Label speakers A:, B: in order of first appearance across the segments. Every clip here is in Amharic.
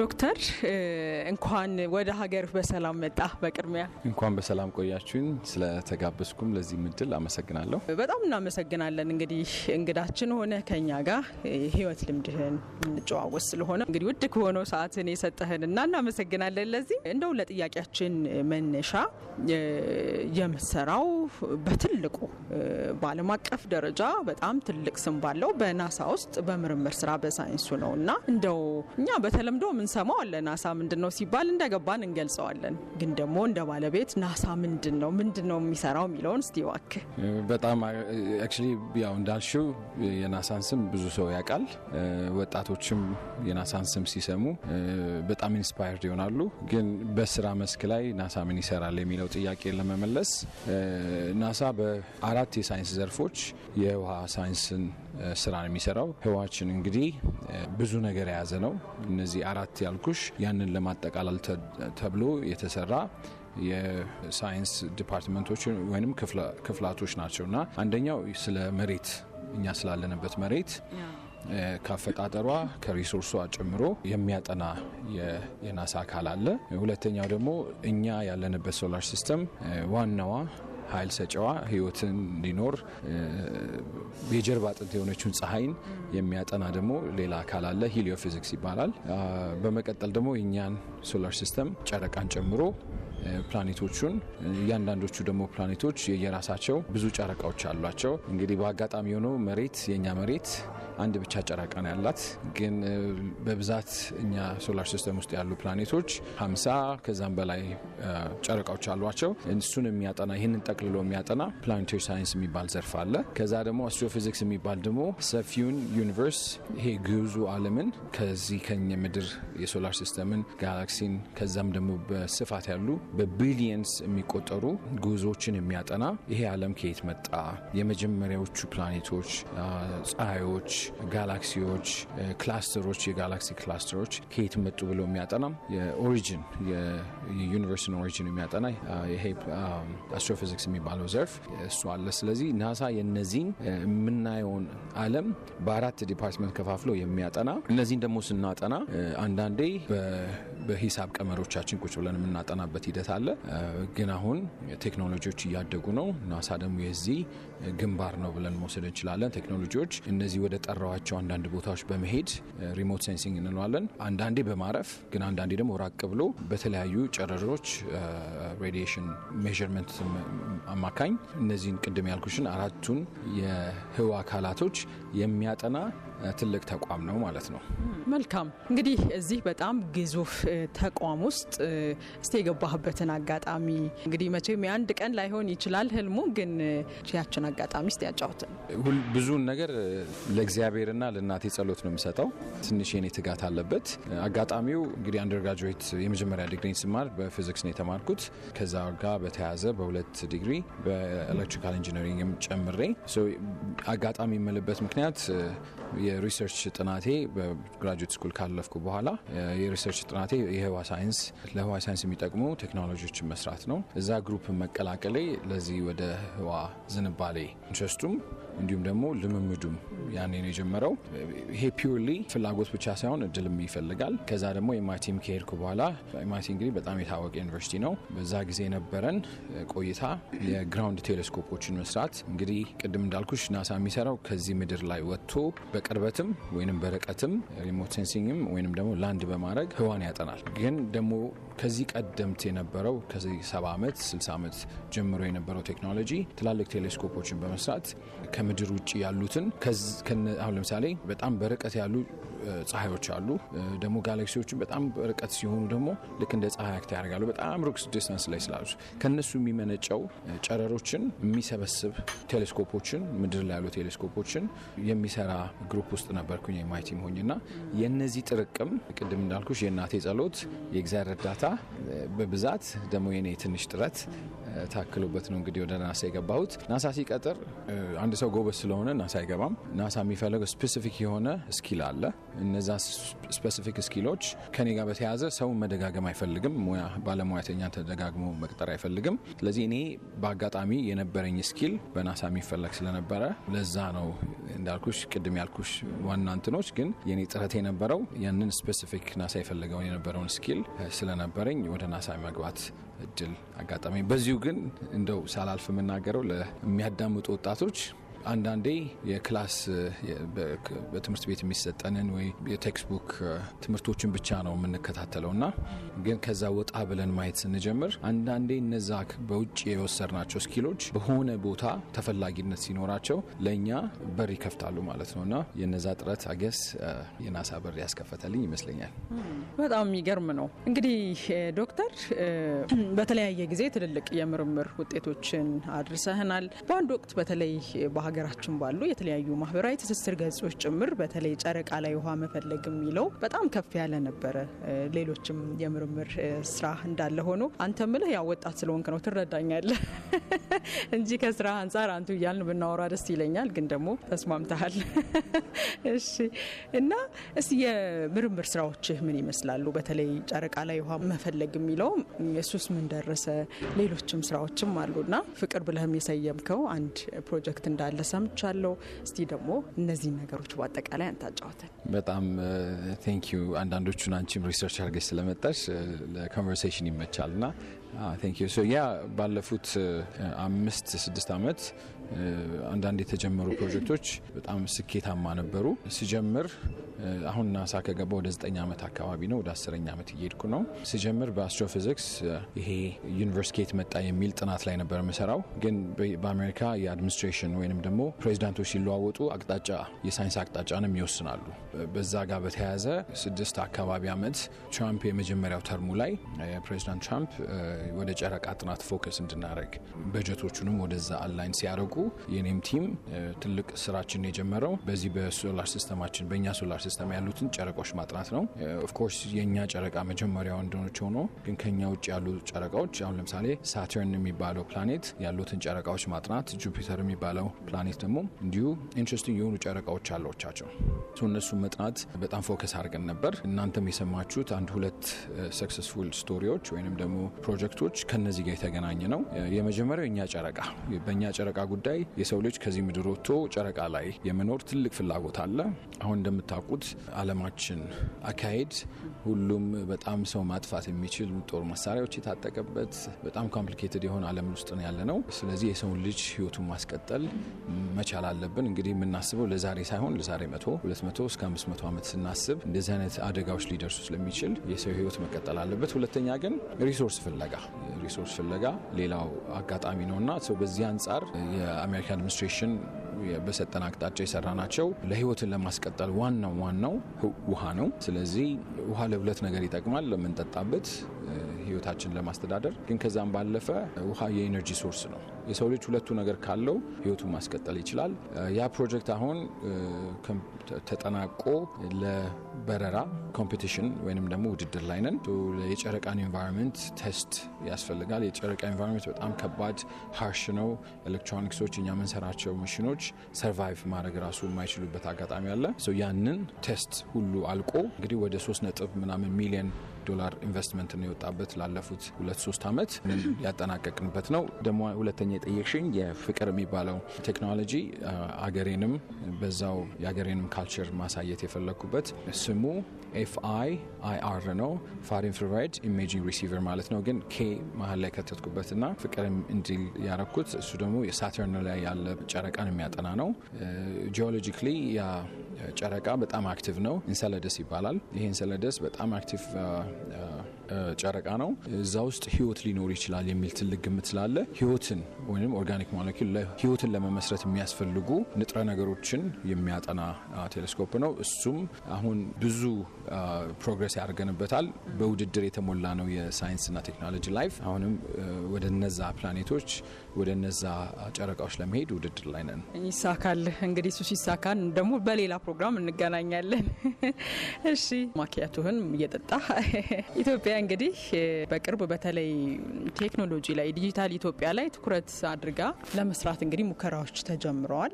A: ዶክተር እንኳን ወደ ሀገር በሰላም መጣ። በቅድሚያ
B: እንኳን በሰላም ቆያችሁን። ስለተጋበዝኩም ለዚህ ምድል አመሰግናለሁ።
A: በጣም እናመሰግናለን። እንግዲህ እንግዳችን ሆነ ከኛ ጋር ህይወት ልምድህን እንጨዋወስ ስለሆነ እንግዲህ ውድ ከሆነው ሰዓትን የሰጠህን እና እናመሰግናለን። ለዚህ እንደው ለጥያቄያችን መነሻ የምሰራው በትልቁ በዓለም አቀፍ ደረጃ በጣም ትልቅ ስም ባለው በናሳ ውስጥ በምርምር ስራ በሳይንሱ ነው እና እንደው እኛ በተለምዶ የምንሰማው አለ ናሳ ምንድን ነው ሲባል እንደገባን እንገልጸዋለን። ግን ደግሞ እንደ ባለቤት ናሳ ምንድን ነው ምንድን ነው የሚሰራው የሚለውን እስቲ እባክህ።
B: በጣም አክቹሊ ያው እንዳልሽው የናሳን ስም ብዙ ሰው ያውቃል። ወጣቶችም የናሳን ስም ሲሰሙ በጣም ኢንስፓየርድ ይሆናሉ። ግን በስራ መስክ ላይ ናሳ ምን ይሰራል የሚለው ጥያቄ ለመመለስ ናሳ በአራት የሳይንስ ዘርፎች የውሃ ሳይንስን ስራ ነው የሚሰራው። ህዋችን እንግዲህ ብዙ ነገር የያዘ ነው። እነዚህ አራት ሁለት ያልኩሽ ያንን ለማጠቃለል ተብሎ የተሰራ የሳይንስ ዲፓርትመንቶች ወይም ክፍላቶች ናቸው እና አንደኛው ስለ መሬት እኛ ስላለንበት መሬት ካፈጣጠሯ ከሪሶርሷ ጨምሮ የሚያጠና የናሳ አካል አለ። ሁለተኛው ደግሞ እኛ ያለንበት ሶላር ሲስተም ዋናዋ ኃይል ሰጫዋ ህይወትን እንዲኖር የጀርባ አጥንት የሆነችውን ፀሐይን የሚያጠና ደግሞ ሌላ አካል አለ። ሂሊዮ ፊዚክስ ይባላል። በመቀጠል ደግሞ የእኛን ሶላር ሲስተም ጨረቃን ጨምሮ ፕላኔቶቹን እያንዳንዶቹ ደግሞ ፕላኔቶች የየራሳቸው ብዙ ጨረቃዎች አሏቸው። እንግዲህ በአጋጣሚ የሆነው መሬት የእኛ መሬት አንድ ብቻ ጨረቃ ነው ያላት። ግን በብዛት እኛ ሶላር ሲስተም ውስጥ ያሉ ፕላኔቶች ሀምሳ ከዛም በላይ ጨረቃዎች አሏቸው። እሱን የሚያጠና ይህንን ጠቅልሎ የሚያጠና ፕላኔቶሪ ሳይንስ የሚባል ዘርፍ አለ። ከዛ ደግሞ አስትሮፊዚክስ የሚባል ደግሞ ሰፊውን ዩኒቨርስ ይሄ ግዙ ዓለምን ከዚህ ከኛ ምድር የሶላር ሲስተምን ጋላክሲን ከዛም ደግሞ በስፋት ያሉ በቢሊየንስ የሚቆጠሩ ጉዞዎችን የሚያጠና ይሄ ዓለም ከየት መጣ፣ የመጀመሪያዎቹ ፕላኔቶች፣ ፀሐዮች ጋላክሲዎች፣ ክላስተሮች፣ የጋላክሲ ክላስተሮች ከየት መጡ ብሎ የሚያጠናም የኦሪጂን የዩኒቨርስን ኦሪጂን የሚያጠና ይሄ አስትሮፊዚክስ የሚባለው ዘርፍ እሱ አለ። ስለዚህ ናሳ የነዚህን የምናየውን ዓለም በአራት ዲፓርትመንት ከፋፍሎ የሚያጠና እነዚህን ደግሞ ስናጠና አንዳንዴ በሂሳብ ቀመሮቻችን ቁጭ ብለን የምናጠናበት ሂደት አለ። ግን አሁን ቴክኖሎጂዎች እያደጉ ነው። ናሳ ደግሞ የዚህ ግንባር ነው ብለን መውሰድ እንችላለን። ቴክኖሎጂዎች እነዚህ ወደ የጠራዋቸው አንዳንድ ቦታዎች በመሄድ ሪሞት ሴንሲንግ እንለዋለን። አንዳንዴ በማረፍ ግን አንዳንዴ ደግሞ ራቅ ብሎ በተለያዩ ጨረሮች ሬዲሽን ሜርመንት አማካኝ እነዚህን ቅድም ያልኩሽን አራቱን የህዋ አካላቶች የሚያጠና ትልቅ ተቋም ነው ማለት ነው።
A: መልካም እንግዲህ እዚህ በጣም ግዙፍ ተቋም ውስጥ እስቲ የገባህበትን አጋጣሚ እንግዲህ መቼም የአንድ ቀን ላይሆን ይችላል ህልሙ፣ ግን ያችን አጋጣሚ ስ ያጫውትን።
B: ብዙውን ነገር ለእግዚአብሔርና ለእናቴ ጸሎት ነው የምሰጠው። ትንሽ የኔ ትጋት አለበት። አጋጣሚው እንግዲህ አንደርግራጁዌት የመጀመሪያ ዲግሪን ስማር በፊዚክስ ነው የተማርኩት። ከዛ ጋር በተያያዘ በሁለት ዲግሪ በኤሌክትሪካል ኢንጂነሪንግም ጨምሬ አጋጣሚ የምልበት ምክንያት የሪሰርች ጥናቴ በግራጁዌት ስኩል ካለፍኩ በኋላ የሪሰርች ጥናቴ የህዋ ሳይንስ ለህዋ ሳይንስ የሚጠቅሙ ቴክኖሎጂዎችን መስራት ነው። እዛ ግሩፕ መቀላቀሌ ለዚህ ወደ ህዋ ዝንባሌ ኢንትረስቱም እንዲሁም ደግሞ ልምምዱም ያኔ ነው የጀመረው። ይሄ ፒውርሊ ፍላጎት ብቻ ሳይሆን እድልም ይፈልጋል። ከዛ ደግሞ ኤምአይቲም ከሄድኩ በኋላ ኤምአይቲ እንግዲህ በጣም የታወቀ ዩኒቨርሲቲ ነው። በዛ ጊዜ የነበረን ቆይታ የግራውንድ ቴሌስኮፖችን መስራት እንግዲህ ቅድም እንዳልኩሽ ናሳ የሚሰራው ከዚህ ምድር ላይ ወጥቶ በቅርበትም ወይም በርቀትም ሪሞት ሴንሲንግም ወይም ደግሞ ላንድ በማድረግ ህዋን ያጠናል። ግን ደግሞ ከዚህ ቀደምት የነበረው ከዚህ ሰባ ዓመት 6 ዓመት ጀምሮ የነበረው ቴክኖሎጂ ትላልቅ ቴሌስኮፖችን በመስራት ከምድር ውጭ ያሉትን አሁን ለምሳሌ በጣም በርቀት ያሉ ፀሐዮች አሉ። ደግሞ ጋላክሲዎችን በጣም በርቀት ሲሆኑ ደግሞ ልክ እንደ ፀሐይ አክት ያደርጋሉ። በጣም ሩክስ ዲስታንስ ላይ ስላሉ ከእነሱ የሚመነጨው ጨረሮችን የሚሰበስብ ቴሌስኮፖችን ምድር ላይ ያሉ ቴሌስኮፖችን የሚሰራ ግሩፕ ውስጥ ነበርኩኝ የማይቲ መሆኝ እና የእነዚህ ጥርቅም ቅድም እንዳልኩሽ የእናቴ ጸሎት፣ የእግዚአብሔር እርዳታ በብዛት ደግሞ የኔ ትንሽ ጥረት ታክሎበት ነው እንግዲህ ወደ ናሳ የገባሁት። ናሳ ሲቀጥር አንድ ሰው ጎበዝ ስለሆነ ናሳ አይገባም። ናሳ የሚፈለገው ስፔሲፊክ የሆነ ስኪል አለ። እነዛ ስፔሲፊክ ስኪሎች ከኔ ጋር በተያያዘ ሰውን መደጋገም አይፈልግም። ሙያ ባለሙያተኛ ተደጋግሞ መቅጠር አይፈልግም። ስለዚህ እኔ በአጋጣሚ የነበረኝ ስኪል በናሳ የሚፈለግ ስለነበረ ለዛ ነው እንዳልኩሽ ቅድም ያልኩሽ ዋና እንትኖች ግን የኔ ጥረት የነበረው ያንን ስፔሲፊክ ናሳ የፈለገውን የነበረውን ስኪል ስለነበረኝ ወደ ናሳ መግባት እድል አጋጣሚ። በዚሁ ግን እንደው ሳላልፍ የምናገረው ለሚያዳምጡ ወጣቶች አንዳንዴ የክላስ በትምህርት ቤት የሚሰጠንን ወይ የቴክስት ቡክ ትምህርቶችን ብቻ ነው የምንከታተለው እና ግን ከዛ ወጣ ብለን ማየት ስንጀምር አንዳንዴ እነዛ በውጭ የወሰድናቸው ስኪሎች በሆነ ቦታ ተፈላጊነት ሲኖራቸው ለእኛ በር ይከፍታሉ ማለት ነው እና የነዛ ጥረት አገስ የናሳ በር ያስከፈተልኝ ይመስለኛል።
A: በጣም የሚገርም ነው። እንግዲህ ዶክተር በተለያየ ጊዜ ትልልቅ የምርምር ውጤቶችን አድርሰህናል። በአንድ ወቅት በተለይ በሀገራችን ባሉ የተለያዩ ማህበራዊ ትስስር ገጾች ጭምር በተለይ ጨረቃ ላይ ውሃ መፈለግ የሚለው በጣም ከፍ ያለ ነበረ። ሌሎችም የምርምር ስራ እንዳለ ሆኖ አንተ ምልህ ያው ወጣት ስለሆንክ ነው ትረዳኛለ እንጂ ከስራ አንጻር አንቱ እያልን ብናወራ ደስ ይለኛል፣ ግን ደግሞ ተስማምተሃል። እሺ። እና እስ የምርምር ስራዎችህ ምን ይመስላሉ? በተለይ ጨረቃ ላይ ውሃ መፈለግ የሚለው እሱስ ምን ደረሰ? ሌሎችም ስራዎችም አሉና ፍቅር ብለህም የሰየምከው አንድ ፕሮጀክት እንዳለ ሰምቻለሁ። እስቲ ደግሞ እነዚህን ነገሮች በአጠቃላይ አንታጫወተን።
B: በጣም ቴንኪዩ። አንዳንዶቹን አንቺም ሪሰርች አድርገሽ ስለመጣሽ ለኮንቨርሴሽን ይመቻልና ቴንኪዩ። ያ ባለፉት አምስት ስድስት አመት አንዳንድ የተጀመሩ ፕሮጀክቶች በጣም ስኬታማ ነበሩ። ሲጀምር አሁን ናሳ ከገባ ወደ ዘጠኝ ዓመት አካባቢ ነው። ወደ አስረኛ ዓመት እየሄድኩ ነው። ሲጀምር በአስትሮፊዚክስ ይሄ ዩኒቨርስ ኬት መጣ የሚል ጥናት ላይ ነበር የምሰራው። ግን በአሜሪካ የአድሚኒስትሬሽን ወይንም ደግሞ ፕሬዚዳንቶች ሲለዋወጡ አቅጣጫ የሳይንስ አቅጣጫንም ይወስናሉ። በዛ ጋር በተያያዘ ስድስት አካባቢ ዓመት ትራምፕ የመጀመሪያው ተርሙ ላይ ፕሬዚዳንት ትራምፕ ወደ ጨረቃ ጥናት ፎከስ እንድናደርግ በጀቶቹንም ወደዛ አላይን ሲያደርጉ መልኩ የኔም ቲም ትልቅ ስራችን የጀመረው በዚህ በሶላር ሲስተማችን በእኛ ሶላር ሲስተም ያሉትን ጨረቃዎች ማጥናት ነው። ኦፍኮርስ የእኛ ጨረቃ መጀመሪያ ወንድኖች ሆኖ ግን ከኛ ውጭ ያሉ ጨረቃዎች አሁን ለምሳሌ ሳተርን የሚባለው ፕላኔት ያሉትን ጨረቃዎች ማጥናት፣ ጁፒተር የሚባለው ፕላኔት ደግሞ እንዲሁ ኢንትረስቲንግ የሆኑ ጨረቃዎች አለቻቸው። እነሱ መጥናት በጣም ፎከስ አድርገን ነበር። እናንተም የሰማችሁት አንድ ሁለት ሰክሰስፉል ስቶሪዎች ወይም ደግሞ ፕሮጀክቶች ከነዚህ ጋር የተገናኘ ነው። የመጀመሪያው የእኛ ጨረቃ በእኛ ጨረቃ ጉዳይ የሰው ልጅ ከዚህ ምድር ወጥቶ ጨረቃ ላይ የመኖር ትልቅ ፍላጎት አለ። አሁን እንደምታውቁት አለማችን አካሄድ ሁሉም በጣም ሰው ማጥፋት የሚችል ጦር መሳሪያዎች የታጠቀበት በጣም ኮምፕሊኬትድ የሆነ አለም ውስጥ ነው ያለ ነው። ስለዚህ የሰውን ልጅ ህይወቱን ማስቀጠል መቻል አለብን። እንግዲህ የምናስበው ለዛሬ ሳይሆን ለዛሬ መቶ ሁለት መቶ እስከ አምስት መቶ ዓመት ስናስብ እንደዚህ አይነት አደጋዎች ሊደርሱ ስለሚችል የሰው ህይወት መቀጠል አለበት። ሁለተኛ ግን ሪሶርስ ፍለጋ ሪሶርስ ፍለጋ ሌላው አጋጣሚ ነውና ሰው በዚህ አንጻር የአሜሪካ አድሚኒስትሬሽን በሰጠን አቅጣጫ የሰራ ናቸው። ለህይወትን ለማስቀጠል ዋናው ዋናው ውሃ ነው። ስለዚህ ውሃ ለሁለት ነገር ይጠቅማል፣ ለምንጠጣበት ህይወታችን ለማስተዳደር ግን ከዛም ባለፈ ውሃ የኤነርጂ ሶርስ ነው። የሰው ልጅ ሁለቱ ነገር ካለው ህይወቱን ማስቀጠል ይችላል። ያ ፕሮጀክት አሁን ተጠናቆ ለበረራ ኮምፒቲሽን ወይንም ደግሞ ውድድር ላይ ነን። የጨረቃን ኢንቫይሮንመንት ቴስት ያስፈልጋል። የጨረቃ ኢንቫይሮንመንት በጣም ከባድ ሀርሽ ነው። ኤሌክትሮኒክሶች፣ እኛ የምንሰራቸው መሽኖች ሰርቫይቭ ማድረግ ራሱ የማይችሉበት አጋጣሚ አለ። ያንን ቴስት ሁሉ አልቆ እንግዲህ ወደ ሶስት ነጥብ ምናምን ሚሊየን ዶላር ኢንቨስትመንት ነው የወጣበት ላለፉት ሁለት ሶስት ዓመት ያጠናቀቅንበት ነው። ደግሞ ሁለተኛ የጠየቅሽኝ የፍቅር የሚባለው ቴክኖሎጂ አገሬንም በዛው የአገሬንም ካልቸር ማሳየት የፈለግኩበት ስሙ ኤፍ አይ አይ አር ነው። ፋር ኢንፍራሬድ ኢሜጂንግ ሪሲቨር ማለት ነው። ግን ኬ መሀል ላይ ከተትኩበት ና ፍቅርም እንዲል ያረኩት እሱ ደግሞ የሳተርን ላይ ያለ ጨረቃን የሚያጠና ነው። ጂኦሎጂካሊ ያ ጨረቃ በጣም አክቲቭ ነው። ኢንሰለደስ ይባላል። ይህ ኢንሰለደስ በጣም አክቲቭ uh, uh, uh, ጨረቃ ነው። እዛ ውስጥ ህይወት ሊኖር ይችላል የሚል ትልቅ ግምት ስላለ ህይወትን ወይም ኦርጋኒክ ሞለኪል ህይወትን ለመመስረት የሚያስፈልጉ ንጥረ ነገሮችን የሚያጠና ቴሌስኮፕ ነው። እሱም አሁን ብዙ ፕሮግረስ ያደርገንበታል። በውድድር የተሞላ ነው የሳይንስና ቴክኖሎጂ ላይፍ። አሁንም ወደ ነዛ ፕላኔቶች ወደ ነዛ ጨረቃዎች ለመሄድ ውድድር ላይ ነን።
A: ይሳካል እንግዲህ እሱ ሲሳካን ደግሞ በሌላ ፕሮግራም እንገናኛለን። እሺ ማኪያቱህን እየጠጣ ኢትዮጵያ እንግዲህ በቅርብ በተለይ ቴክኖሎጂ ላይ ዲጂታል ኢትዮጵያ ላይ ትኩረት አድርጋ ለመስራት እንግዲህ ሙከራዎች ተጀምረዋል።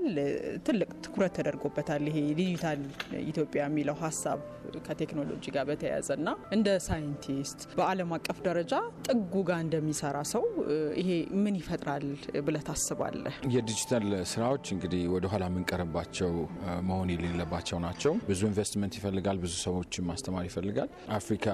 A: ትልቅ ትኩረት ተደርጎበታል። ይሄ ዲጂታል ኢትዮጵያ የሚለው ሀሳብ ከቴክኖሎጂ ጋር በተያያዘ ና እንደ ሳይንቲስት በዓለም አቀፍ ደረጃ ጥጉ ጋር እንደሚሰራ ሰው ይሄ ምን ይፈጥራል ብለህ ታስባለህ?
B: የዲጂታል ስራዎች እንግዲህ ወደኋላ የምንቀርባቸው መሆን የሌለ ያለባቸው ናቸው። ብዙ ኢንቨስትመንት ይፈልጋል። ብዙ ሰዎችን ማስተማር ይፈልጋል። አፍሪካ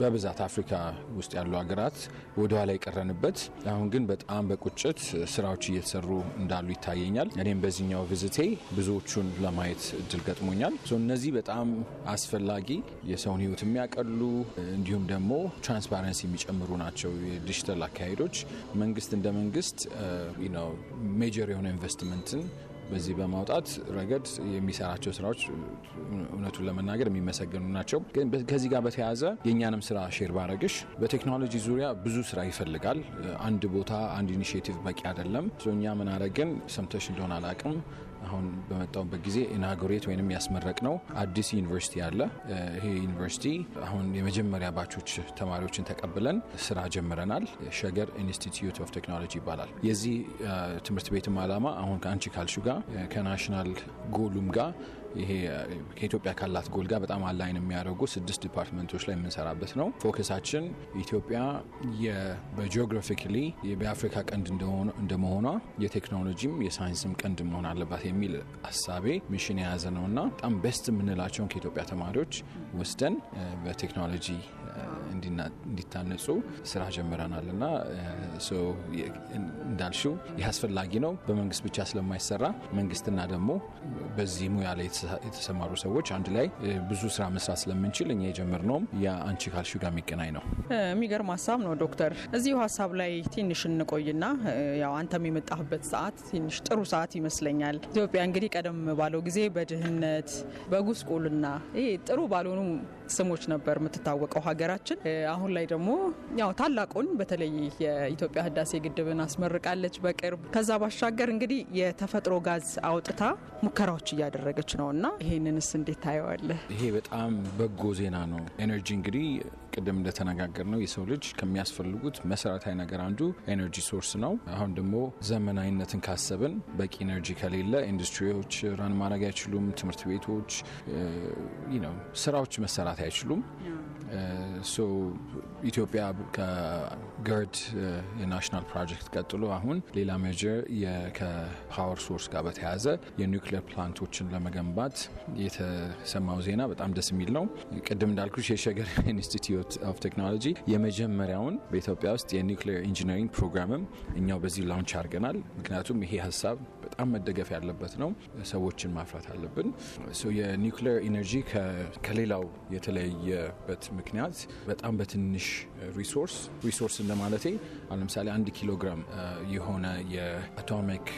B: በብዛት አፍሪካ ውስጥ ያሉ ሀገራት ወደኋላ የቀረንበት፣ አሁን ግን በጣም በቁጭት ስራዎች እየተሰሩ እንዳሉ ይታየኛል። እኔም በዚህኛው ቪዝቴ ብዙዎቹን ለማየት እድል ገጥሞኛል። እነዚህ በጣም አስፈላጊ የሰውን ህይወት የሚያቀሉ እንዲሁም ደግሞ ትራንስፓረንሲ የሚጨምሩ ናቸው። የዲጂታል አካሄዶች መንግስት እንደ መንግስት ሜጀር uh, የሆነ ኢንቨስትመንትን በዚህ በማውጣት ረገድ የሚሰራቸው ስራዎች እውነቱን ለመናገር የሚመሰገኑ ናቸው። ግን ከዚህ ጋር በተያያዘ የእኛንም ስራ ሼር ባረግሽ በቴክኖሎጂ ዙሪያ ብዙ ስራ ይፈልጋል። አንድ ቦታ አንድ ኢኒሽቲቭ በቂ አይደለም። እኛ ምን አረግን ሰምተሽ እንደሆነ አላቅም አሁን በመጣውበት ጊዜ ኢናጉሬት ወይም ያስመረቅ ነው አዲስ ዩኒቨርሲቲ አለ። ይሄ ዩኒቨርሲቲ አሁን የመጀመሪያ ባቾች ተማሪዎችን ተቀብለን ስራ ጀምረናል። ሸገር ኢንስቲትዩት ኦፍ ቴክኖሎጂ ይባላል። የዚህ ትምህርት ቤትም አላማ አሁን ከአንቺ ካልሹ ጋር ከናሽናል ጎሉም ጋር ይሄ ከኢትዮጵያ ካላት ጎል ጋር በጣም አላይን የሚያደርጉ ስድስት ዲፓርትመንቶች ላይ የምንሰራበት ነው። ፎከሳችን ኢትዮጵያ በጂኦግራፊካሊ በአፍሪካ ቀንድ እንደመሆኗ የቴክኖሎጂም የሳይንስም ቀንድ መሆን አለባት የሚል አሳቤ ሚሽን የያዘ ነው እና በጣም ቤስት የምንላቸውን ከኢትዮጵያ ተማሪዎች ወስደን በቴክኖሎጂ እንዲታነጹ ስራ ጀምረናል ና እንዳልሽው ይህ አስፈላጊ ነው። በመንግስት ብቻ ስለማይሰራ መንግስትና ደግሞ በዚህ ሙያ ላይ የተሰማሩ ሰዎች አንድ ላይ ብዙ ስራ መስራት ስለምንችል እኛ ነውም የአንቺ ካልሽ ጋር የሚገናኝ ነው።
A: የሚገርም ሀሳብ ነው ዶክተር። እዚሁ ሀሳብ ላይ ትንሽ እንቆይና ያው አንተም የመጣህበት ሰዓት ትንሽ ጥሩ ሰዓት ይመስለኛል። ኢትዮጵያ እንግዲህ ቀደም ባለው ጊዜ በድህነት በጉስቁልና ይሄ ጥሩ ባልሆኑ ስሞች ነበር የምትታወቀው ሀገራችን። አሁን ላይ ደግሞ ያው ታላቁን በተለይ የኢትዮጵያ ህዳሴ ግድብን አስመርቃለች በቅርብ። ከዛ ባሻገር እንግዲህ የተፈጥሮ ጋዝ አውጥታ ሙከራዎች እያደረገች ነው እና ይህንንስ እንዴት ታየዋለህ?
B: ይሄ በጣም በጎ ዜና ነው። ኤነርጂ እንግዲህ ቅድም እንደተነጋገር ነው የሰው ልጅ ከሚያስፈልጉት መሰረታዊ ነገር አንዱ ኤነርጂ ሶርስ ነው። አሁን ደግሞ ዘመናዊነትን ካሰብን በቂ ኤነርጂ ከሌለ ኢንዱስትሪዎች ራን ማድረግ አይችሉም። ትምህርት ቤቶች፣ ስራዎች መሰራት አይችሉም። ኢትዮጵያ ከገርድ የናሽናል ፕሮጀክት ቀጥሎ አሁን ሌላ ሜጀር ከፓወር ሶርስ ጋር በተያያዘ የኒክሌር ፕላንቶችን ለመገንባት የተሰማው ዜና በጣም ደስ የሚል ነው። ቅድም እንዳልኩች የሸገር ኢንስቲትዩት ኦፍ ቴክኖሎጂ የመጀመሪያውን በኢትዮጵያ ውስጥ የኒክሌር ኢንጂነሪንግ ፕሮግራምም እኛው በዚህ ላውንች አድርገናል። ምክንያቱም ይሄ ሀሳብ በጣም መደገፍ ያለበት ነው። ሰዎችን ማፍራት አለብን። የኒክሌር ኢነርጂ ከሌላው የተለየበት ምክንያት በጣም በትንሽ ሪሶርስ ሪሶርስ እንደማለቴ ለምሳሌ አንድ ኪሎግራም የሆነ የአቶሚክ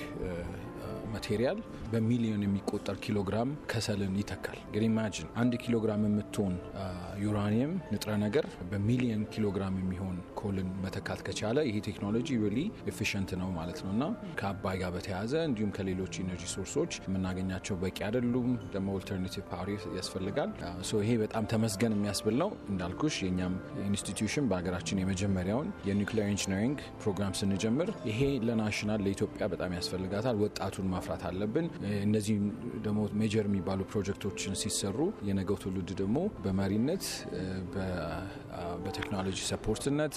B: ማቴሪያል በሚሊዮን የሚቆጠር ኪሎግራም ከሰልን ይተካል። እንግዲህ ኢማጂን አንድ ኪሎግራም የምትሆን ዩራኒየም ንጥረ ነገር በሚሊዮን ኪሎግራም የሚሆን ኮልን መተካት ከቻለ ይሄ ቴክኖሎጂ ሪሊ ኤፊሽንት ነው ማለት ነው እና ከአባይ ጋር በተያያዘ እንዲሁም ከሌሎች ኢነርጂ ሶርሶች የምናገኛቸው በቂ አይደሉም። ደግሞ ኦልተርናቲቭ ፓወር ያስፈልጋል። ይሄ በጣም ተመስገን የሚያስብል ነው። እንዳልኩሽ የእኛም ኢንስቲትዩሽን በሀገራችን የመጀመሪያውን የኒክሌር ኢንጂነሪንግ ፕሮግራም ስንጀምር ይሄ ለናሽናል ለኢትዮጵያ በጣም ያስፈልጋታል። ወጣቱን ማ ማፍራት አለብን። እነዚህ ደግሞ ሜጀር የሚባሉ ፕሮጀክቶችን ሲሰሩ የነገው ትውልድ ደግሞ በመሪነት በቴክኖሎጂ ሰፖርትነት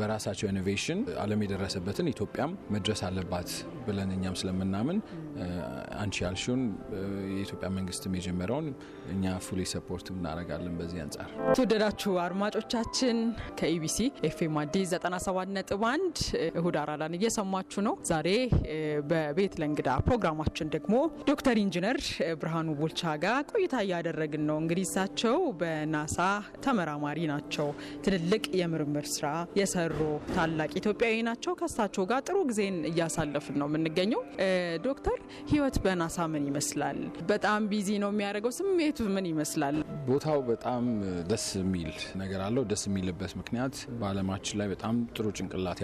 B: በራሳቸው ኢኖቬሽን ዓለም የደረሰበትን ኢትዮጵያም መድረስ አለባት ብለን እኛም ስለምናምን አንቺ ያልሽውን የኢትዮጵያ መንግስትም የጀመረውን እኛ ፉሊ ሰፖርት እናደርጋለን። በዚህ አንጻር
A: የተወደዳችሁ አድማጮቻችን ከኢቢሲ ኤፍኤም አዲስ 97 ነጥብ 1 እሁድ አራዳን እየሰማችሁ ነው። ዛሬ በቤት ለእንግዳ ፕሮግራማችን ደግሞ ዶክተር ኢንጂነር ብርሃኑ ቦልቻ ጋር ቆይታ እያደረግን ነው። እንግዲህ እሳቸው በናሳ ተመራማሪ ናቸው። ትልልቅ የምርምር ስራ የሰሩ ታላቅ ኢትዮጵያዊ ናቸው። ከእሳቸው ጋር ጥሩ ጊዜን እያሳለፍን ነው የምንገኘው። ዶክተር ህይወት በናሳ ምን ይመስላል? በጣም ቢዚ ነው የሚያደርገው። ስሜቱ ምን ይመስላል?
B: ቦታው በጣም ደስ የሚል ነገር አለው። ደስ የሚልበት ምክንያት በዓለማችን ላይ በጣም ጥሩ ጭንቅላት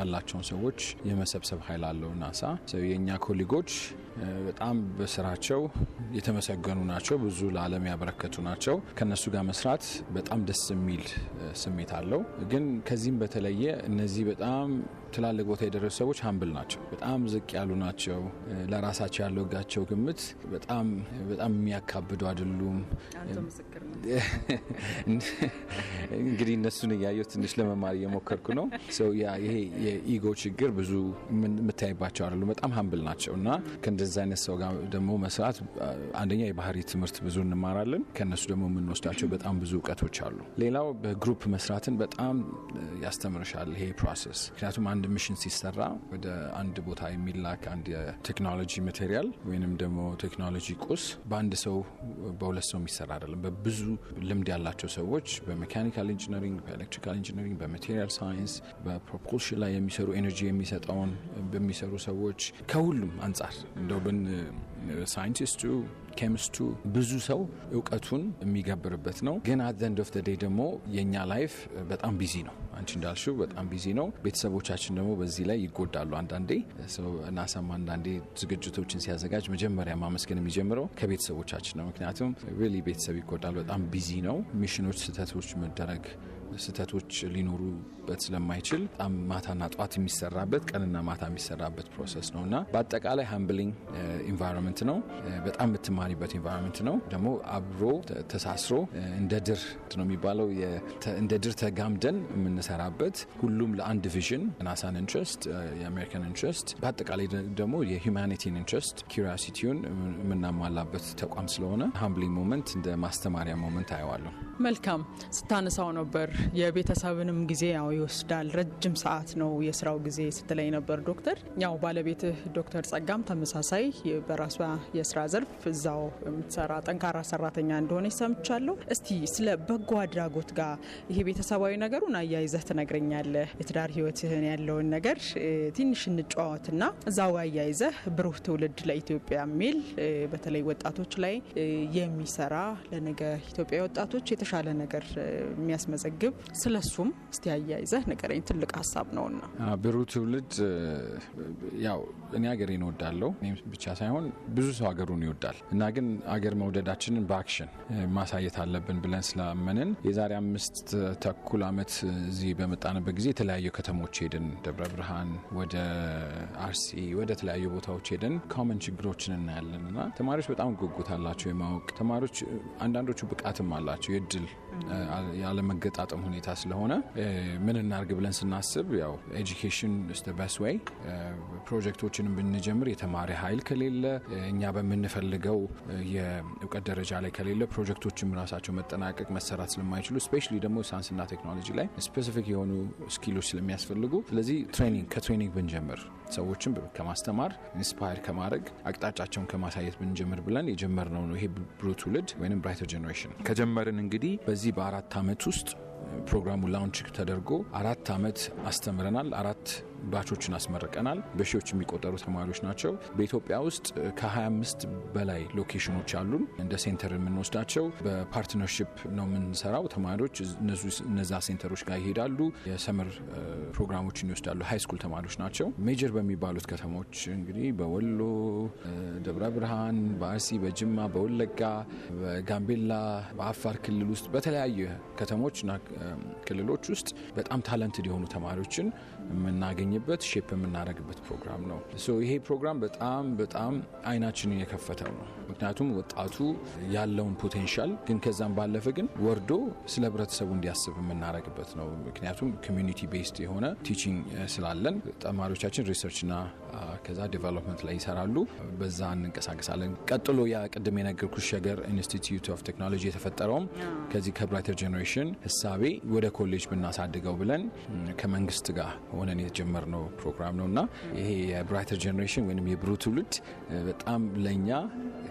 B: ያላቸውን ሰዎች የመሰብሰብ ኃይል አለው ናሳ የእኛ ኮሊጎች በጣም በስራቸው የተመሰገኑ ናቸው። ብዙ ለዓለም ያበረከቱ ናቸው። ከነሱ ጋር መስራት በጣም ደስ የሚል ስሜት አለው። ግን ከዚህም በተለየ እነዚህ በጣም ትላልቅ ቦታ የደረሱ ሰዎች ሀምብል ናቸው። በጣም ዝቅ ያሉ ናቸው። ለራሳቸው ያለው ጋቸው ግምት በጣም በጣም የሚያካብዱ አይደሉም። እንግዲህ እነሱን እያየሁ ትንሽ ለመማር እየሞከርኩ ነው። ሰው ይሄ የኢጎ ችግር ብዙ የምታይባቸው አይደሉም። በጣም ሀምብል ናቸው እና እንደዚ አይነት ሰው ጋር ደግሞ መስራት አንደኛ የባህሪ ትምህርት ብዙ እንማራለን። ከእነሱ ደግሞ የምንወስዳቸው በጣም ብዙ እውቀቶች አሉ። ሌላው በግሩፕ መስራትን በጣም ያስተምርሻል ይሄ ፕሮሰስ። ምክንያቱም አንድ ሚሽን ሲሰራ ወደ አንድ ቦታ የሚላክ አንድ የቴክኖሎጂ ማቴሪያል ወይንም ደግሞ ቴክኖሎጂ ቁስ በአንድ ሰው በሁለት ሰው የሚሰራ አይደለም። በብዙ ልምድ ያላቸው ሰዎች በሜካኒካል ኢንጂነሪንግ፣ በኤሌክትሪካል ኢንጂነሪንግ፣ በማቴሪያል ሳይንስ፣ በፕሮፖልሽን ላይ የሚሰሩ ኤነርጂ የሚሰጠውን በሚሰሩ ሰዎች ከሁሉም አንጻር ዶብን ሳይንቲስቱ ኬሚስቱ ብዙ ሰው እውቀቱን የሚገብርበት ነው። ግን አት ዘንድ ኦፍ ደግሞ የእኛ ላይፍ በጣም ቢዚ ነው። አንቺ እንዳልሽው በጣም ቢዚ ነው። ቤተሰቦቻችን ደግሞ በዚህ ላይ ይጎዳሉ። አንዳንዴ ሰው ናሳም አንዳንዴ ዝግጅቶችን ሲያዘጋጅ መጀመሪያ ማመስገን የሚጀምረው ከቤተሰቦቻችን ነው። ምክንያቱም ቤተሰብ ይጎዳል። በጣም ቢዚ ነው። ሚሽኖች፣ ስህተቶች መደረግ ስህተቶች ሊኖሩበት ስለማይችል በጣም ማታና ጠዋት የሚሰራበት ቀንና ማታ የሚሰራበት ፕሮሰስ ነው እና በአጠቃላይ ሃምብሊንግ ኢንቫይሮንመንት eh, ነው። eh, በጣም የምትማሪበት ኢንቫይሮንመንት ነው። ደግሞ አብሮ ተሳስሮ eh, እንደ ድር ነው የሚባለው እንደ ድር ተጋምደን የምንሰራበት ሁሉም ለአንድ ቪዥን ናሳን ኢንትረስት፣ የአሜሪካን ኢንትረስት በአጠቃላይ ደግሞ የሂውማኒቲን ኢንትረስት ኪሪሲቲውን የምናሟላበት ተቋም ስለሆነ ሃምብሊንግ ሞመንት እንደ ማስተማሪያ ሞመንት አየዋለሁ።
A: መልካም ስታነሳው ነበር የቤተሰብንም ጊዜ ያው ይወስዳል። ረጅም ሰዓት ነው የስራው ጊዜ ስትለኝ ነበር ዶክተር። ያው ባለቤትህ ዶክተር ጸጋም ተመሳሳይ በራሷ የስራ ዘርፍ እዛው የምትሰራ ጠንካራ ሰራተኛ እንደሆነች ሰምቻለሁ። እስቲ ስለ በጎ አድራጎት ጋር ይሄ ቤተሰባዊ ነገሩን አያይዘህ ትነግረኛለህ። የትዳር ህይወትህን ያለውን ነገር ትንሽ እንጫወትና እዛው አያይዘህ ብሩህ ትውልድ ለኢትዮጵያ የሚል በተለይ ወጣቶች ላይ የሚሰራ ለነገ ኢትዮጵያ ወጣቶች የተሻለ ነገር የሚያስመዘግብ ምግብ ስለሱም እስቲ አያይዘህ ንገረኝ። ትልቅ ሀሳብ ነውና
B: ብሩ ትውልድ። ያው እኔ ሀገሬን እኔም ብቻ ሳይሆን ብዙ ሰው ሀገሩን ይወዳል እና ግን አገር መውደዳችንን በአክሽን ማሳየት አለብን ብለን ስላመንን የዛሬ አምስት ተኩል አመት እዚህ በመጣንበት ጊዜ የተለያዩ ከተሞች ሄድን። ደብረ ብርሃን፣ ወደ አርሲ፣ ወደ ተለያዩ ቦታዎች ሄደን ኮመን ችግሮችን እናያለን እና ተማሪዎች በጣም ጉጉት አላቸው የማወቅ ተማሪዎች አንዳንዶቹ ብቃትም አላቸው የድል ያለመገጣጠ የሚያጋጥም ሁኔታ ስለሆነ ምን እናርግ ብለን ስናስብ ያው ኤጁኬሽን በስ ወይ ፕሮጀክቶችን ብንጀምር የተማሪ ኃይል ከሌለ እኛ በምንፈልገው የእውቀት ደረጃ ላይ ከሌለ ፕሮጀክቶችን ራሳቸው መጠናቀቅ መሰራት ስለማይችሉ ስፔሻሊ ደግሞ ሳይንስና ቴክኖሎጂ ላይ ስፔሲፊክ የሆኑ ስኪሎች ስለሚያስፈልጉ ስለዚህ ትሬኒንግ ከትሬኒንግ ብንጀምር ሰዎችን ከማስተማር ኢንስፓየር ከማድረግ አቅጣጫቸውን ከማሳየት ብንጀምር ብለን የጀመርነው ነው ይሄ ብሩህ ትውልድ ወይም ብራይተር ጀኔሬሽን ከጀመርን እንግዲህ በዚህ በአራት ዓመት ውስጥ ፕሮግራሙ ላውንች ተደርጎ አራት አመት አስተምረናል። አራት ባቾችን አስመርቀናል። በሺዎች የሚቆጠሩ ተማሪዎች ናቸው። በኢትዮጵያ ውስጥ ከ25 በላይ ሎኬሽኖች አሉን። እንደ ሴንተር የምንወስዳቸው በፓርትነርሽፕ ነው የምንሰራው። ተማሪዎች እነዛ ሴንተሮች ጋር ይሄዳሉ። የሰምር ፕሮግራሞችን ይወስዳሉ። ሀይ ስኩል ተማሪዎች ናቸው። ሜጀር በሚባሉት ከተሞች እንግዲህ በወሎ፣ ደብረ ብርሃን፣ በአርሲ፣ በጅማ፣ በወለጋ፣ በጋምቤላ፣ በአፋር ክልል ውስጥ በተለያየ ከተሞችና ክልሎች ውስጥ በጣም ታለንትድ የሆኑ ተማሪዎችን የምናገኝበት ሼፕ የምናደርግበት ፕሮግራም ነው። ይሄ ፕሮግራም በጣም በጣም አይናችንን የከፈተው ነው። ምክንያቱም ወጣቱ ያለውን ፖቴንሻል ግን ከዛም ባለፈ ግን ወርዶ ስለ ህብረተሰቡ እንዲያስብ የምናደርግበት ነው። ምክንያቱም ኮሚኒቲ ቤስድ የሆነ ቲቺንግ ስላለን ተማሪዎቻችን ና ከዛ ዲቨሎፕመንት ላይ ይሰራሉ። በዛ እንንቀሳቀሳለን። ቀጥሎ ያ ቅድም የነገርኩሽ ሸገር ኢንስቲትዩት ኦፍ ቴክኖሎጂ የተፈጠረውም ከዚህ ከብራይተር ጀኔሬሽን ህሳቤ ወደ ኮሌጅ ብናሳድገው ብለን ከመንግስት ጋር ሆነን ነው ፕሮግራም ነው እና ይሄ የብራይተር ጀኔሬሽን ወይም የብሩ ትውልድ በጣም ለእኛ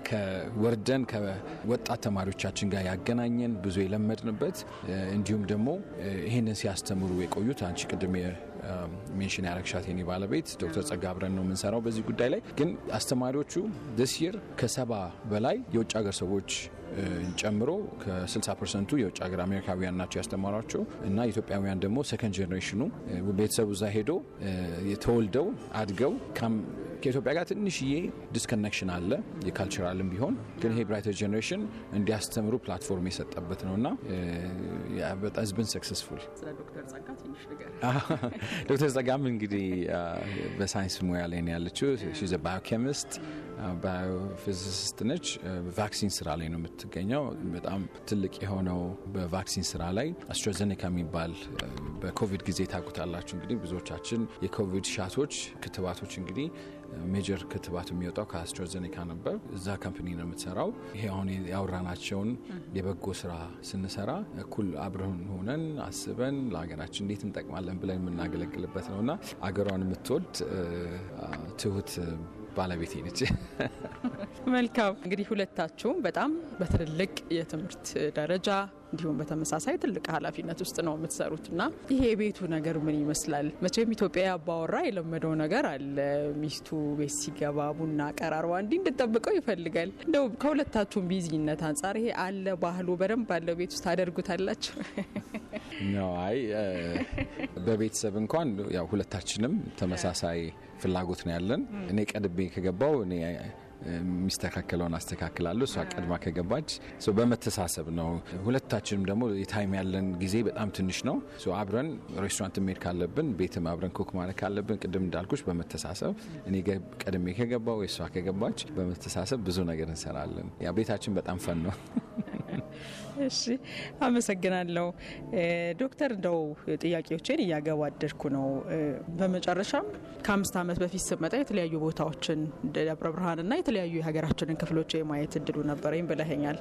B: ከወርደን ከወጣት ተማሪዎቻችን ጋር ያገናኘን ብዙ የለመድንበት እንዲሁም ደግሞ ይህንን ሲያስተምሩ የቆዩት አንቺ ቅድም ሜንሽን ያረግሻት የኔ ባለቤት ዶክተር ጸጋ አብረን ነው የምንሰራው በዚህ ጉዳይ ላይ ግን አስተማሪዎቹ ዲስ ይር ከሰባ በላይ የውጭ ሀገር ሰዎች ጨምሮ ከ60 ፐርሰንቱ የውጭ ሀገር አሜሪካውያን ናቸው ያስተማሯቸው እና ኢትዮጵያውያን ደግሞ ሰከንድ ጀኔሬሽኑ ቤተሰቡ እዛ ሄዶ ተወልደው አድገው ከኢትዮጵያ ጋር ትንሽዬ ዲስኮኔክሽን አለ የካልቸራልም ቢሆን ግን ይሄ ብራይተር ጀኔሬሽን እንዲያስተምሩ ፕላትፎርም የሰጠበት ነው እና በጣም ዝብን ሰክሰስፉል ዶክተር ጸጋም እንግዲህ በሳይንስ ሙያ ላይ ያለችው ባዮኬሚስት ባዮፊዚሲስት ነች። ቫክሲን ስራ ላይ ነው የምትገኘው። በጣም ትልቅ የሆነው በቫክሲን ስራ ላይ አስትራዘኔካ የሚባል በኮቪድ ጊዜ ታውቁታላችሁ እንግዲህ ብዙዎቻችን የኮቪድ ሻቶች ክትባቶች እንግዲህ ሜጀር ክትባት የሚወጣው ከአስትራዘኔካ ነበር። እዛ ካምፕኒ ነው የምትሰራው። ይሄ አሁን ያወራናቸውን የበጎ ስራ ስንሰራ እኩል አብረን ሆነን አስበን ለሀገራችን እንዴት እንጠቅማለን ብለን የምናገለግልበት ነው እና አገሯን የምትወድ ትሁት ባለቤቴ ነች።
A: መልካም እንግዲህ ሁለታችሁም በጣም በትልልቅ የትምህርት ደረጃ እንዲሁም በተመሳሳይ ትልቅ ኃላፊነት ውስጥ ነው የምትሰሩት እና ይሄ የቤቱ ነገር ምን ይመስላል? መቼም ኢትዮጵያ አባወራ የለመደው ነገር አለ። ሚስቱ ቤት ሲገባ ቡና ቀራርባ እንዲህ እንድጠብቀው ይፈልጋል። እንደው ከሁለታችሁም ቢዚነት አንጻር ይሄ አለ ባህሉ በደንብ ባለው ቤት ውስጥ ታደርጉታላችሁ?
B: አይ በቤተሰብ እንኳን ያው ሁለታችንም ተመሳሳይ ፍላጎት ነው ያለን። እኔ ቀድቤ ከገባው እኔ የሚስተካከለውን አስተካክላለሁ። እሷ ቀድማ ከገባች በመተሳሰብ ነው። ሁለታችንም ደግሞ የታይም ያለን ጊዜ በጣም ትንሽ ነው። አብረን ሬስቶራንት መሄድ ካለብን፣ ቤትም አብረን ኮክ ማለት ካለብን፣ ቅድም እንዳልኩች በመተሳሰብ እኔ ቀድሜ ከገባው እሷ ከገባች በመተሳሰብ ብዙ ነገር እንሰራለን። ቤታችን በጣም ፈን ነው።
A: እሺ አመሰግናለሁ ዶክተር። እንደው ጥያቄዎችን እያገባደድኩ ነው። በመጨረሻም ከአምስት ዓመት በፊት ስመጣ የተለያዩ ቦታዎችን ደብረ ና የተለያዩ የሀገራችንን ክፍሎች የማየት እድሉ ነበረኝ ብለኸኛል።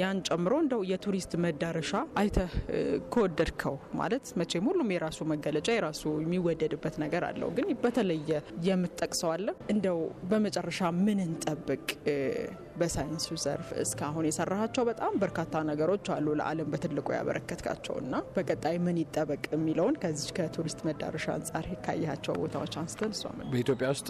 A: ያን ጨምሮ እንደው የቱሪስት መዳረሻ አይተ ከወደድከው ማለት መቼም ሁሉም የራሱ መገለጫ የራሱ የሚወደድበት ነገር አለው፣ ግን በተለየ የምትጠቅሰው አለ። እንደው በመጨረሻ ምን እንጠብቅ? በሳይንሱ ዘርፍ እስካሁን የሰራቸው በጣም በርካታ ነገሮች አሉ ለዓለም በትልቁ ያበረከትካቸው እና በቀጣይ ምን ይጠበቅ የሚለውን ከዚህ ከቱሪስት መዳረሻ አንጻር ካያቸው ቦታዎች አንስተን እሷ
B: በኢትዮጵያ ውስጥ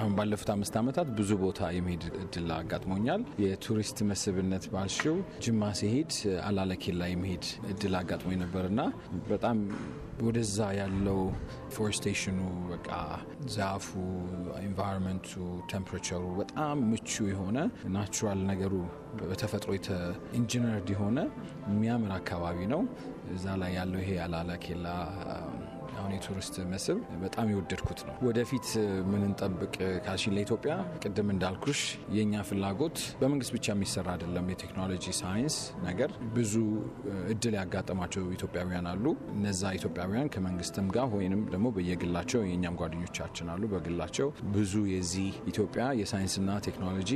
B: አሁን ባለፉት አምስት ዓመታት ብዙ ቦታ የመሄድ እድል አጋጥሞኛል። የቱሪስት መስህብነት ባልሽው ጅማ ሲሄድ አላለኬላ የመሄድ እድል አጋጥሞኝ ነበርና በጣም ወደዛ ያለው ፎሬስቴሽኑ በቃ ዛፉ፣ ኢንቫይሮንመንቱ፣ ቴምፕሬቸሩ በጣም ምቹ የሆነ ናቹራል ነገሩ በተፈጥሮ ኢንጂነር የሆነ የሚያምር አካባቢ ነው። እዛ ላይ ያለው ይሄ አላላኬላ አሁን የቱሪስት መስህብ በጣም የወደድኩት ነው። ወደፊት ምንንጠብቅ ካልሽን ለኢትዮጵያ ቅድም እንዳልኩሽ የእኛ ፍላጎት በመንግስት ብቻ የሚሰራ አይደለም። የቴክኖሎጂ ሳይንስ ነገር ብዙ እድል ያጋጠማቸው ኢትዮጵያውያን አሉ። እነዛ ኢትዮጵያውያን ከመንግስትም ጋር ወይንም ደግሞ በየግላቸው የእኛም ጓደኞቻችን አሉ። በግላቸው ብዙ የዚህ ኢትዮጵያ የሳይንስና ቴክኖሎጂ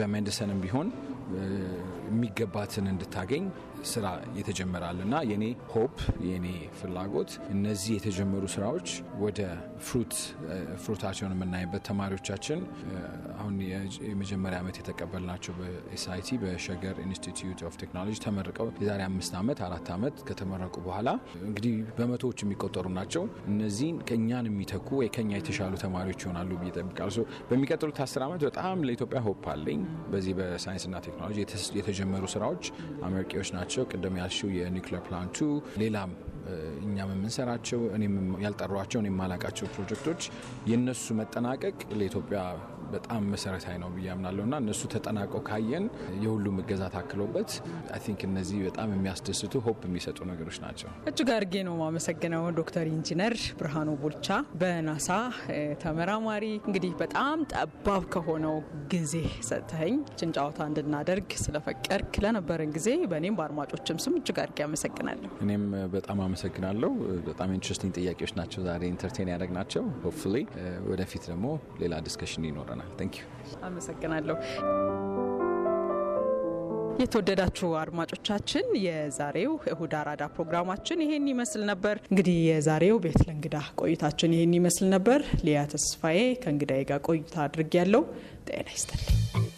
B: በሜዲሰንም ቢሆን የሚገባትን እንድታገኝ ስራ የተጀመራል እና የኔ ሆፕ የኔ ፍላጎት እነዚህ የተጀመሩ ስራዎች ወደ ፍሩት ፍሩታቸውን የምናይበት ተማሪዎቻችን አሁን የመጀመሪያ ዓመት የተቀበልናቸው በኤስአይቲ በሸገር ኢንስቲትዩት ኦፍ ቴክኖሎጂ ተመርቀው የዛሬ አምስት ዓመት አራት ዓመት ከተመረቁ በኋላ እንግዲህ በመቶዎች የሚቆጠሩ ናቸው። እነዚህን ከእኛን የሚተኩ ወይ ከኛ የተሻሉ ተማሪዎች ይሆናሉ ብዬ በሚቀጥሉት አስር ዓመት በጣም ለኢትዮጵያ ሆፕ አለኝ በዚህ በሳይንስና ቴክኖሎጂ የጀመሩ ስራዎች አመርቂዎች ናቸው። ቅድም ያልሽው የኒክሌር ፕላንቱ ሌላም እኛም የምንሰራቸው ያልጠሯቸው እኔ የማላቃቸው ፕሮጀክቶች የነሱ መጠናቀቅ ለኢትዮጵያ በጣም መሰረታዊ ነው ብዬ አምናለሁ እና እነሱ ተጠናቀው ካየን የሁሉም እገዛ ታክሎበት አይ ቲንክ እነዚህ በጣም የሚያስደስቱ ሆፕ የሚሰጡ ነገሮች ናቸው።
A: እጅግ አድርጌ ነው የማመሰግነው ዶክተር ኢንጂነር ብርሃኑ ቦልቻ በናሳ ተመራማሪ። እንግዲህ በጣም ጠባብ ከሆነው ጊዜ ሰጥተኝ ጭንጫወታ እንድናደርግ ስለፈቀድክ ለነበረን ጊዜ በእኔም በአድማጮችም ስም እጅግ አድርጌ አመሰግናለሁ።
B: እኔም በጣም አመሰግናለሁ። በጣም ኢንትረስቲንግ ጥያቄዎች ናቸው ዛሬ ኢንተርቴን ያደረግ ናቸው። ሆፕፉሊ ወደፊት ደግሞ ሌላ ዲስከሽን ይኖረናል። ይሆናል። ታንክ ዩ
A: አመሰግናለሁ። የተወደዳችሁ አድማጮቻችን የዛሬው እሁድ አራዳ ፕሮግራማችን ይሄን ይመስል ነበር። እንግዲህ የዛሬው ቤት ለእንግዳ ቆይታችን ይሄን ይመስል ነበር። ሊያ ተስፋዬ ከእንግዳዬ ጋር ቆይታ ያለው ጤና ይስጥልኝ።